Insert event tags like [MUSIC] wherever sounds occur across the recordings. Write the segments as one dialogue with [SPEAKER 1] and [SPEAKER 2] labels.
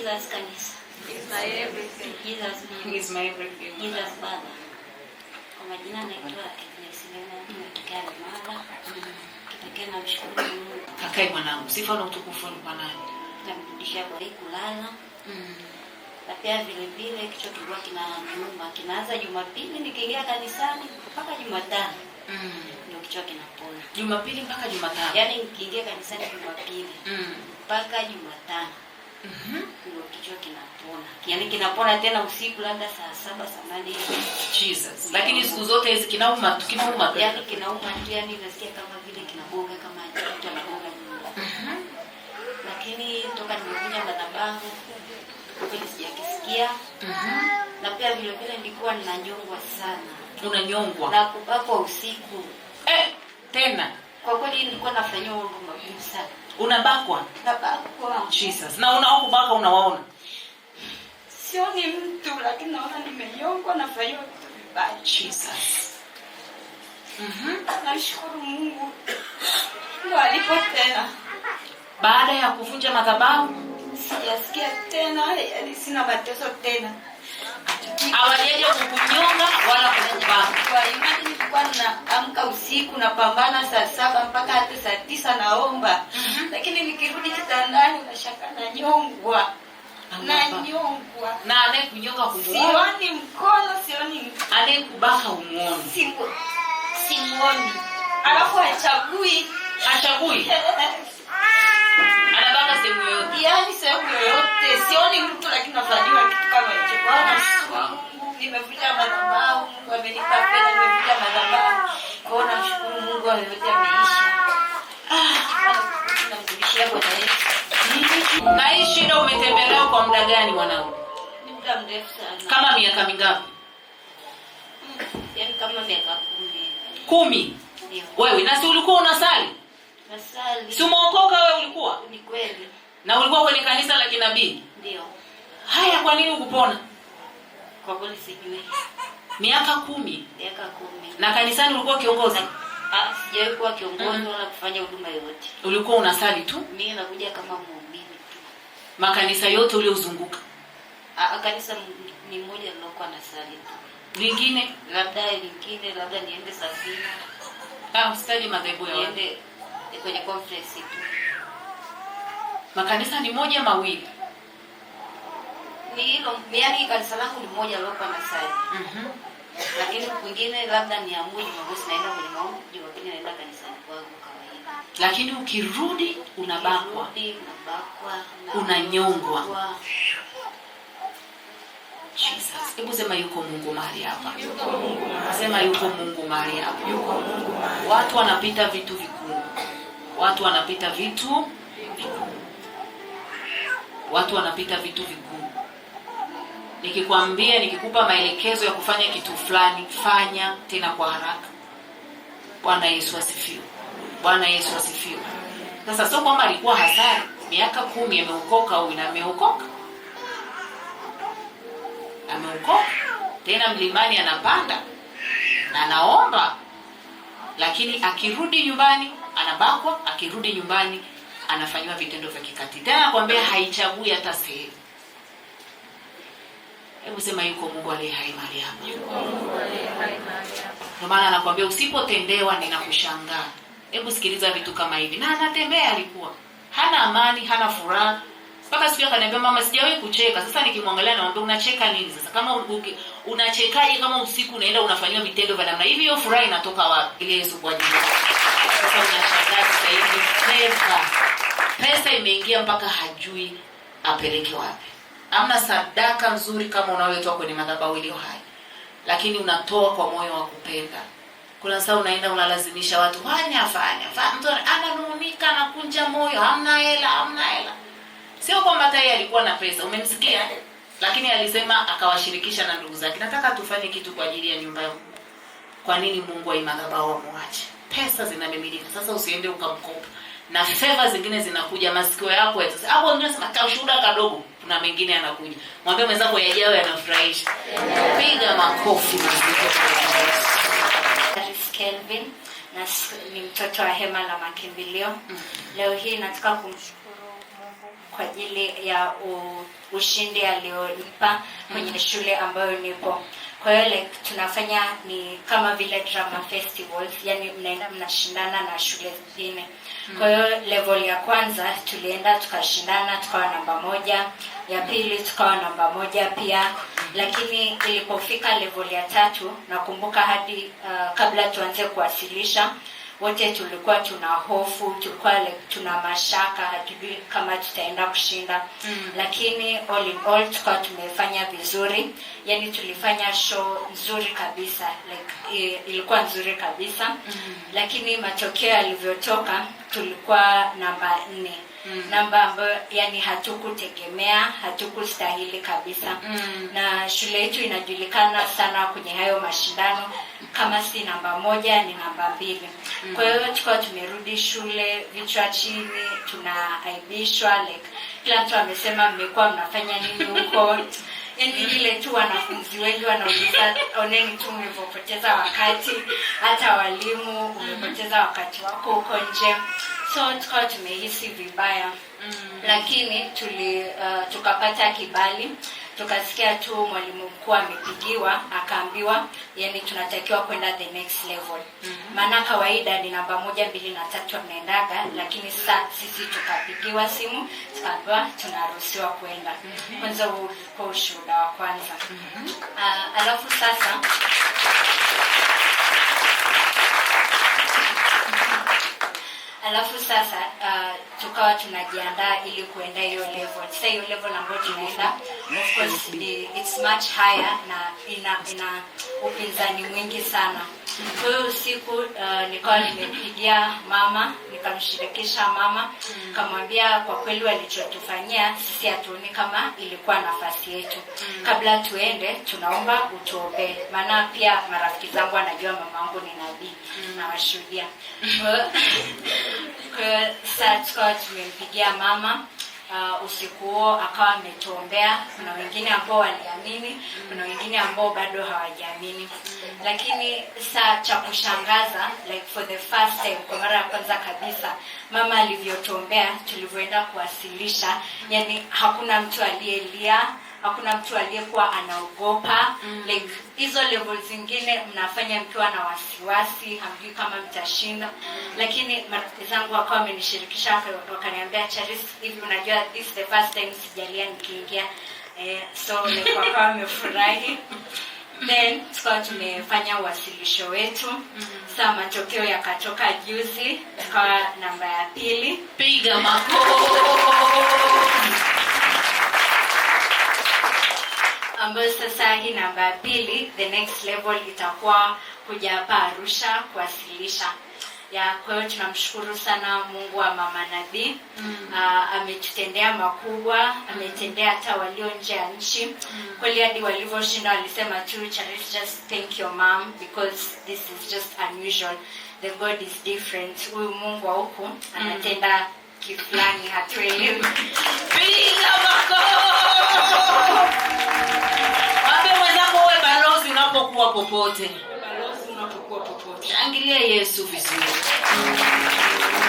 [SPEAKER 1] Jesus kanisa.
[SPEAKER 2] He's my everything.
[SPEAKER 1] Jesus name.
[SPEAKER 3] He's my everything.
[SPEAKER 1] Jesus Father. Kwa majina naitwa Agnes Lema nimetokea Mara. Kipekee mshukuru Mungu.
[SPEAKER 3] Kakae mwanangu, sifa na utukufu ni kwa nani?
[SPEAKER 1] Namrudishia kwa hii kulala. Na pia vile vile kichwa kibwa kina kinaniuma, kinaanza Jumapili nikiingia kanisani mpaka Jumatano. Mm. Ndio kichwa kinapona.
[SPEAKER 3] Jumapili mpaka Jumatano.
[SPEAKER 1] Yaani nikiingia kanisani Jumapili. Mm. Mpaka Jumatano. Mhm. Mm kichwa kinapona, yaani kinapona tena usiku labda saa saba saa nane
[SPEAKER 3] Jesus. Lakini siku zote hizi kinauma, tukiuma
[SPEAKER 1] yaani kinauma, tu, yaani nasikia kama vile kinaboga kama mtu anaboga nyumba. Mhm. Lakini toka nimekuja madhabahu kweli sijakisikia. Mhm. Na pia vile vile nilikuwa ninanyongwa sana.
[SPEAKER 3] Unanyongwa
[SPEAKER 1] na kupakwa usiku
[SPEAKER 3] eh, tena
[SPEAKER 1] kwa kweli nilikuwa nafanywa mambo magumu sana.
[SPEAKER 3] Unabakwa?
[SPEAKER 1] Nabakwa.
[SPEAKER 3] Jesus. Na unaokubaka unawaona?
[SPEAKER 1] sioni mtu, lakini naona nimeyongwa na fanyiwa vitu vibaya.
[SPEAKER 3] Jesus.
[SPEAKER 1] mm Nashukuru Mungu Ndio alipo tena.
[SPEAKER 3] Baada ya kuvunja madhabahu
[SPEAKER 1] sijasikia tena, yaani sina mateso tena.
[SPEAKER 3] Hawajaje kukunyonga wala kukubaka.
[SPEAKER 1] Kwa imani nilikuwa naamka usiku na pambana saa saba mpaka hata saa tisa naomba. Mm-hmm. Lakini nikirudi kitandani nashaka na nyongwa nanyongwa
[SPEAKER 3] na anayekunyonga kumuona
[SPEAKER 1] sioni mkono sioni
[SPEAKER 3] anayekubaka umuoni
[SPEAKER 1] simuoni alafu hachagui
[SPEAKER 3] hachagui [LAUGHS] anabaka sehemu yoyote
[SPEAKER 1] yani sehemu yoyote sioni mtu lakini nafanyiwa kitu kama hicho nimevuja
[SPEAKER 3] kwa muda gani mwanangu?
[SPEAKER 1] Ni muda mrefu sana.
[SPEAKER 3] Kama miaka mingapi?
[SPEAKER 1] Yaani kama miaka kumi. Kumi? Ndio.
[SPEAKER 3] Wewe na si ulikuwa unasali?
[SPEAKER 1] Nasali.
[SPEAKER 3] Si umeokoka wewe ulikuwa? Ni kweli. Na ulikuwa kwenye kanisa la kinabii? Ndio. Haya, kwa nini ukupona?
[SPEAKER 1] Kwa kweli sijui.
[SPEAKER 3] Miaka kumi.
[SPEAKER 1] Miaka kumi.
[SPEAKER 3] Na kanisani ulikuwa kiongozi?
[SPEAKER 1] Ah, sijawahi kuwa kiongozi mm-hmm. wala kufanya huduma yoyote.
[SPEAKER 3] Ulikuwa unasali tu?
[SPEAKER 1] Mimi nakuja kama muumini
[SPEAKER 3] makanisa yote uliozunguka?
[SPEAKER 1] Ah, kanisa ni moja nilokuwa na sali Lingine labda lingine labda niende Safina.
[SPEAKER 3] Ah, usitaje madhehebu ya
[SPEAKER 1] niende eh, kwenye conference tu.
[SPEAKER 3] Makanisa ni moja mawili.
[SPEAKER 1] Ni hilo, yani kanisa langu ni moja nilokuwa na sali Mm lakini kwingine labda niamue Jumamosi naenda kwenye maombi, Jumapili naenda kanisani kwangu
[SPEAKER 3] lakini ukirudi unabakwa, unanyongwa. Hebu sema yuko Mungu mahali hapa, sema yuko Mungu mahali hapa. Watu wanapita vitu vigumu, watu wanapita vitu vigumu, watu wanapita vitu vigumu. Nikikwambia, nikikupa maelekezo ya kufanya kitu fulani, fanya tena kwa haraka. Bwana Yesu asifiwe. Bwana Yesu asifiwe. Sasa sio kwamba alikuwa hasara, miaka kumi ameokoka au ina ameokoka, ameokoka tena mlimani anapanda na anaomba, lakini akirudi nyumbani anabakwa, akirudi nyumbani anafanyiwa vitendo vya kikatili. Tena nakwambia haichagui hata sehemu. Hebu sema yuko Mungu aliye hai mahali hapa. Ndio maana anakuambia usipotendewa, ninakushangaa. Hebu sikiliza vitu kama hivi. Na anatembea alikuwa. Hana amani, hana furaha. Mpaka siku akaniambia mama sijawahi kucheka. Sasa nikimwangalia naomba unacheka nini sasa? Kama ubuke, unachekaje kama usiku unaenda unafanyia vitendo vya namna hivi hiyo furaha inatoka wapi? Ile Yesu kwa ajili. Sasa unashangaa sasa hivi pesa. Pesa imeingia mpaka hajui apeleke wapi. Hamna sadaka nzuri kama unayotoa kwenye madhabahu iliyo hai. Lakini unatoa kwa moyo wa kupenda. Kuna saa unaenda unalazimisha watu fanya fanya fanya, mtu ananung'unika, anakunja moyo, hamna hela, hamna hela. Sio kwamba tayari alikuwa na pesa, umemsikia, eh? lakini alisema akawashirikisha na ndugu zake, nataka tufanye kitu kwa ajili ya nyumba ya Mungu. Kwa nini Mungu wa aimadhabahu amwache? Pesa zinamimilika. Sasa usiende ukamkopa, na fedha zingine zinakuja, masikio yako yatose hapo. Wengine wanasema kashuhuda kadogo, kuna mengine yanakuja. Mwambie mwenzako yajao yanafurahisha. Piga makofi na mazito.
[SPEAKER 4] Kelvin na ni mtoto wa hema la makimbilio mm. Leo hii nataka kumshukuru Mungu kwa ajili ya u, ushindi alionipa kwenye mm. shule ambayo nipo. Kwa hiyo like, tunafanya ni kama vile drama festivals, yani mnaenda mnashindana na shule zingine mm. Kwa hiyo level ya kwanza tulienda tukashindana tukawa namba moja, ya mm. pili tukawa namba moja pia lakini ilipofika level ya tatu, nakumbuka hadi uh, kabla tuanze kuwasilisha wote tulikuwa tuna hofu, tulikuwa like, tuna mashaka, hatujui kama tutaenda kushinda mm. Lakini all in all tukawa tumefanya vizuri, yani tulifanya show nzuri kabisa like, ilikuwa nzuri kabisa mm. Lakini matokeo yalivyotoka tulikuwa namba nne mm. namba ambayo yani hatukutegemea hatukustahili kabisa mm. na shule yetu inajulikana sana kwenye hayo mashindano kama si namba moja ni namba mbili mm. kwa hiyo tukawa tumerudi shule vichwa chini tunaaibishwa like kila mtu amesema mmekuwa mnafanya nini huko [LAUGHS] yani ile tu wanafunzi wengi wanauliza oneni tu umepoteza wakati hata walimu umepoteza wakati wako huko nje so tukawa tumehisi vibaya mm. lakini tuli uh, tukapata kibali tukasikia tu mwalimu mkuu amepigiwa akaambiwa yani tunatakiwa kwenda the next level mm-hmm. maana mm -hmm. kawaida ni namba moja mbili na tatu mnaendaga lakini sa sisi tukapigiwa simu tukaambiwa tunaruhusiwa kwenda mm-hmm. kwanza mm -hmm. kwa ushuhuda wa kwanza mm -hmm. uh, alafu sasa alafu sasa uh, tukawa tunajiandaa ili kuenda hiyo level. Sasa hiyo level ambayo tunaenda, of course, it's much higher na ina, ina upinzani mwingi sana kwa usiku uh, nikawa nimepigia mama nikamshirikisha mama mm. kamwambia kwa kweli walichotufanyia sisi hatuoni kama ilikuwa nafasi yetu mm. kabla tuende tunaomba utuombee maana pia marafiki zangu mama wangu ni nabii mm. nawashuhudia saa tukawa tumempigia mama uh, usiku huo akawa ametuombea. Kuna wengine ambao waliamini, kuna wengine ambao bado hawajaamini, lakini saa cha kushangaza like for the first time, kwa mara ya kwanza kabisa, mama alivyotuombea, tulivyoenda kuwasilisha, yani hakuna mtu aliyelia hakuna mtu aliyekuwa anaogopa mm. like hizo level zingine mnafanya mkiwa na wasiwasi, hamjui kama mtashinda mm. lakini marafiki zangu wakawa wamenishirikisha, wakaniambia Charis, hivi unajua this the first time sijalia nikiingia eh, so like wakawa wamefurahi [LAUGHS] then tukawa tumefanya uwasilisho wetu mm -hmm. Saa matokeo yakatoka juzi, tukawa namba ya pili.
[SPEAKER 3] Piga makofi. [LAUGHS]
[SPEAKER 4] ambayo sasa hii namba ya pili, the next level itakuwa kuja hapa Arusha kuwasilisha ya kwa hiyo tunamshukuru sana Mungu wa mama nabii mm. uh, Ametutendea makubwa, ametendea hata walio nje ya nchi mm. Kweli hadi walivyoshinda walisema tu Charity, just thank your mom because this is just unusual, the God is different. Huyu Mungu wa huku mm. anatenda mm. kiflani hatuelewi.
[SPEAKER 3] [LAUGHS] Piga makofi. popote, shangilia Yesu vizuri.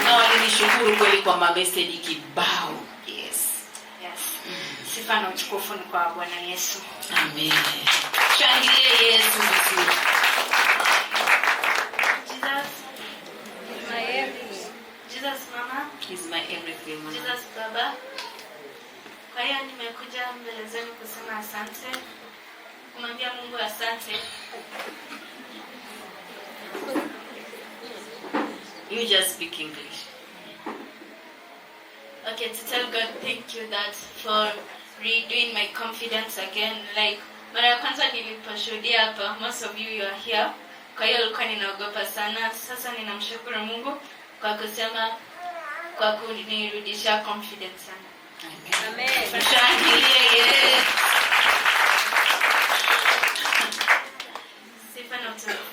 [SPEAKER 3] Na walinishukuru kweli kwa mameseji kibao.
[SPEAKER 1] Yes. Yes. Sifa na utukufu ni kwa Bwana Yesu.
[SPEAKER 3] Amen. Shangilia Yesu vizuri. Jesus
[SPEAKER 1] baba. Kwa hiyo nimekuja mbele zenu kusema asante kumwambia Mungu asante.
[SPEAKER 3] You just speak English.
[SPEAKER 1] Okay, to tell God thank you that for redoing my confidence again. Like mara ya kwanza niliposhuhudia hapa, most of you you are here. Kwa hiyo nilikuwa ninaogopa sana. Sasa ninamshukuru Mungu kwa kusema kwa kunirudisha confidence sana. Amen. Amen. Amen. Amen. out to